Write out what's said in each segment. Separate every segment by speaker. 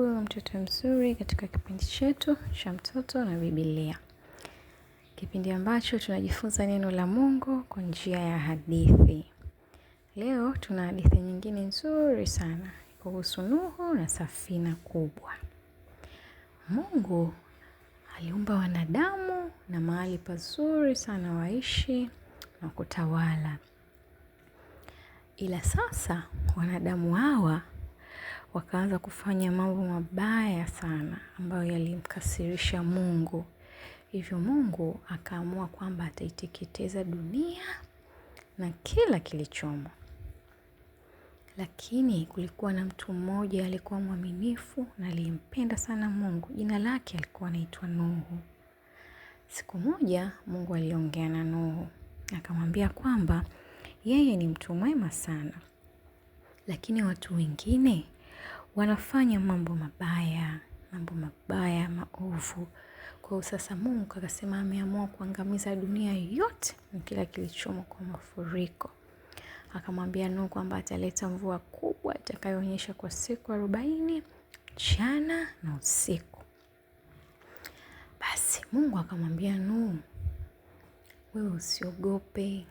Speaker 1: Karibu mtoto mzuri katika kipindi chetu cha Mtoto na Biblia, kipindi ambacho tunajifunza neno la Mungu kwa njia ya hadithi. Leo tuna hadithi nyingine nzuri sana kuhusu Nuhu na safina kubwa. Mungu aliumba wanadamu na mahali pazuri sana waishi na kutawala, ila sasa wanadamu hawa wakaanza kufanya mambo mabaya sana ambayo yalimkasirisha Mungu. Hivyo Mungu akaamua kwamba ataiteketeza dunia na kila kilichomo. Lakini kulikuwa na mtu mmoja alikuwa mwaminifu na alimpenda sana Mungu. Jina lake alikuwa anaitwa Nuhu. Siku moja Mungu aliongea na Nuhu akamwambia kwamba yeye ni mtu mwema sana, lakini watu wengine wanafanya mambo mabaya, mambo mabaya maovu. Kwa hiyo sasa Mungu akasema ameamua kuangamiza dunia yote na kila kilichomo kwa mafuriko. Akamwambia nu kwamba ataleta mvua kubwa itakayoonyesha kwa siku arobaini mchana na usiku. Basi Mungu akamwambia nu wewe usiogope,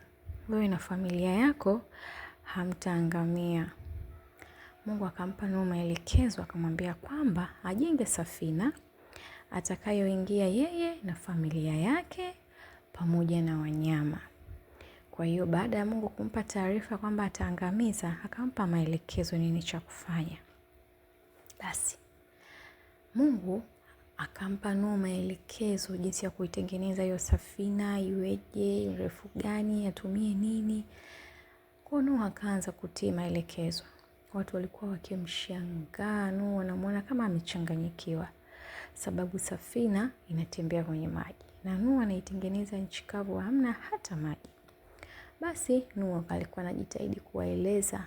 Speaker 1: wewe na familia yako hamtaangamia. Mungu akampa Nuhu maelekezo, akamwambia kwamba ajenge safina atakayoingia yeye na familia yake pamoja na wanyama. Kwa hiyo baada ya Mungu kumpa taarifa kwamba ataangamiza, akampa maelekezo nini cha kufanya. Basi Mungu akampa Nuhu maelekezo jinsi ya kuitengeneza hiyo safina, iweje, urefu gani, atumie nini. Kwa Nuhu akaanza kutii maelekezo watu walikuwa wakimshangaa Nuhu, wanamwona kama amechanganyikiwa, sababu safina inatembea kwenye maji na Nuhu anaitengeneza nchi kavu, hamna hata maji. Basi Nuhu alikuwa anajitahidi kuwaeleza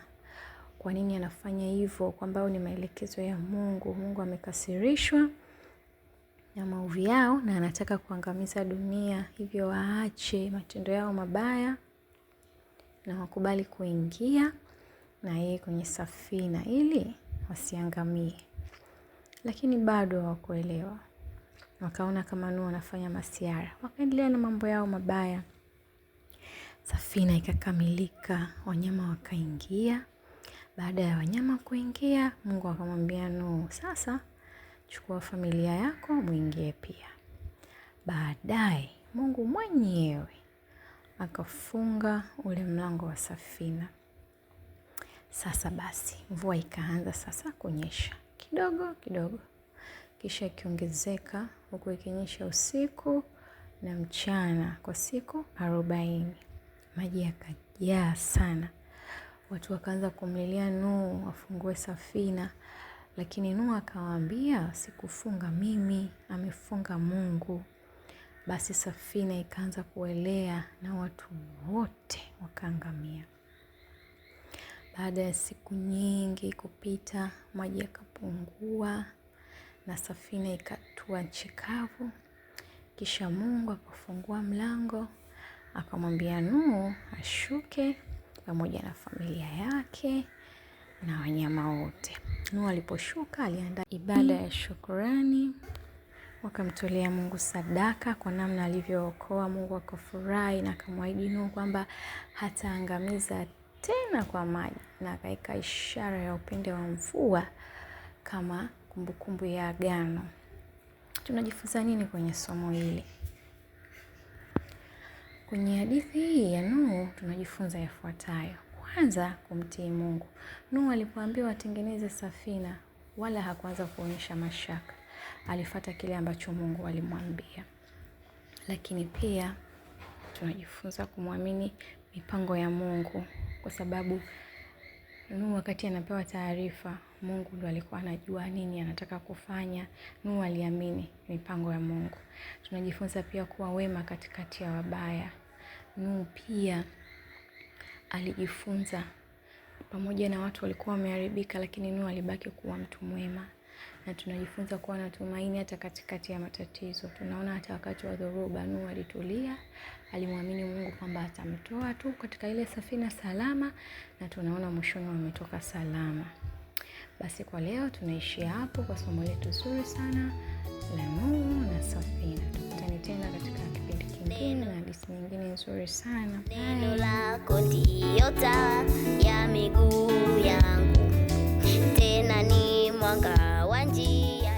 Speaker 1: kwa nini anafanya hivyo, kwamba ni maelekezo ya Mungu. Mungu amekasirishwa na maovu yao na anataka kuangamiza dunia, hivyo waache matendo yao mabaya na wakubali kuingia na yeye kwenye safina ili wasiangamie. Lakini bado hawakuelewa, wakaona kama Nuhu anafanya masiara, wakaendelea na mambo yao mabaya. Safina ikakamilika, wanyama wakaingia. Baada ya wanyama kuingia, Mungu akamwambia Nuhu, sasa chukua familia yako mwingie pia. Baadaye Mungu mwenyewe akafunga ule mlango wa safina. Sasa basi mvua ikaanza sasa kunyesha kidogo kidogo, kisha ikiongezeka huku ikinyesha usiku na mchana kwa siku arobaini. Maji yakajaa sana, watu wakaanza kumlilia Nuhu afungue safina, lakini Nuhu akawaambia, sikufunga mimi, amefunga Mungu. Basi safina ikaanza kuelea na watu wote wakaangamia. Baada ya siku nyingi kupita, maji yakapungua na safina ikatua nchi kavu. Kisha Mungu akafungua mlango, akamwambia Nuhu ashuke pamoja na familia yake na wanyama wote. Nuhu aliposhuka aliandaa ibada ya shukurani, wakamtolea Mungu sadaka kwa namna alivyookoa. Mungu akafurahi na akamwahidi Nuhu kwamba hataangamiza tena kwa maji na akaweka ishara ya upinde wa mvua kama kumbukumbu ya agano. Tunajifunza nini kwenye somo hili? Kwenye hadithi hii ya Nuhu tunajifunza yafuatayo. Kwanza, kumtii Mungu. Nuhu alipoambiwa atengeneze safina, wala hakuanza kuonyesha mashaka. Alifata kile ambacho Mungu alimwambia. Lakini pia tunajifunza kumwamini mipango ya Mungu kwa sababu Nuhu wakati anapewa taarifa, Mungu ndo alikuwa anajua nini anataka kufanya. Nuhu aliamini mipango ya Mungu. Tunajifunza pia kuwa wema katikati ya wabaya. Nuhu pia alijifunza, pamoja na watu walikuwa wameharibika, lakini Nuhu alibaki kuwa mtu mwema na tunajifunza kuwa na tumaini hata katikati ya matatizo. Tunaona hata wakati wa dhoruba Nuhu alitulia, alimwamini Mungu kwamba atamtoa tu katika ile safina salama, na tunaona mwishoni wametoka salama. Basi kwa leo tunaishia hapo kwa somo letu zuri sana la Nuhu na safina. Tukutane tena katika kipindi kingine na hadithi nyingine nzuri sana. Neno lako ndiyo taa ya miguu yangu, tena ni 반가완지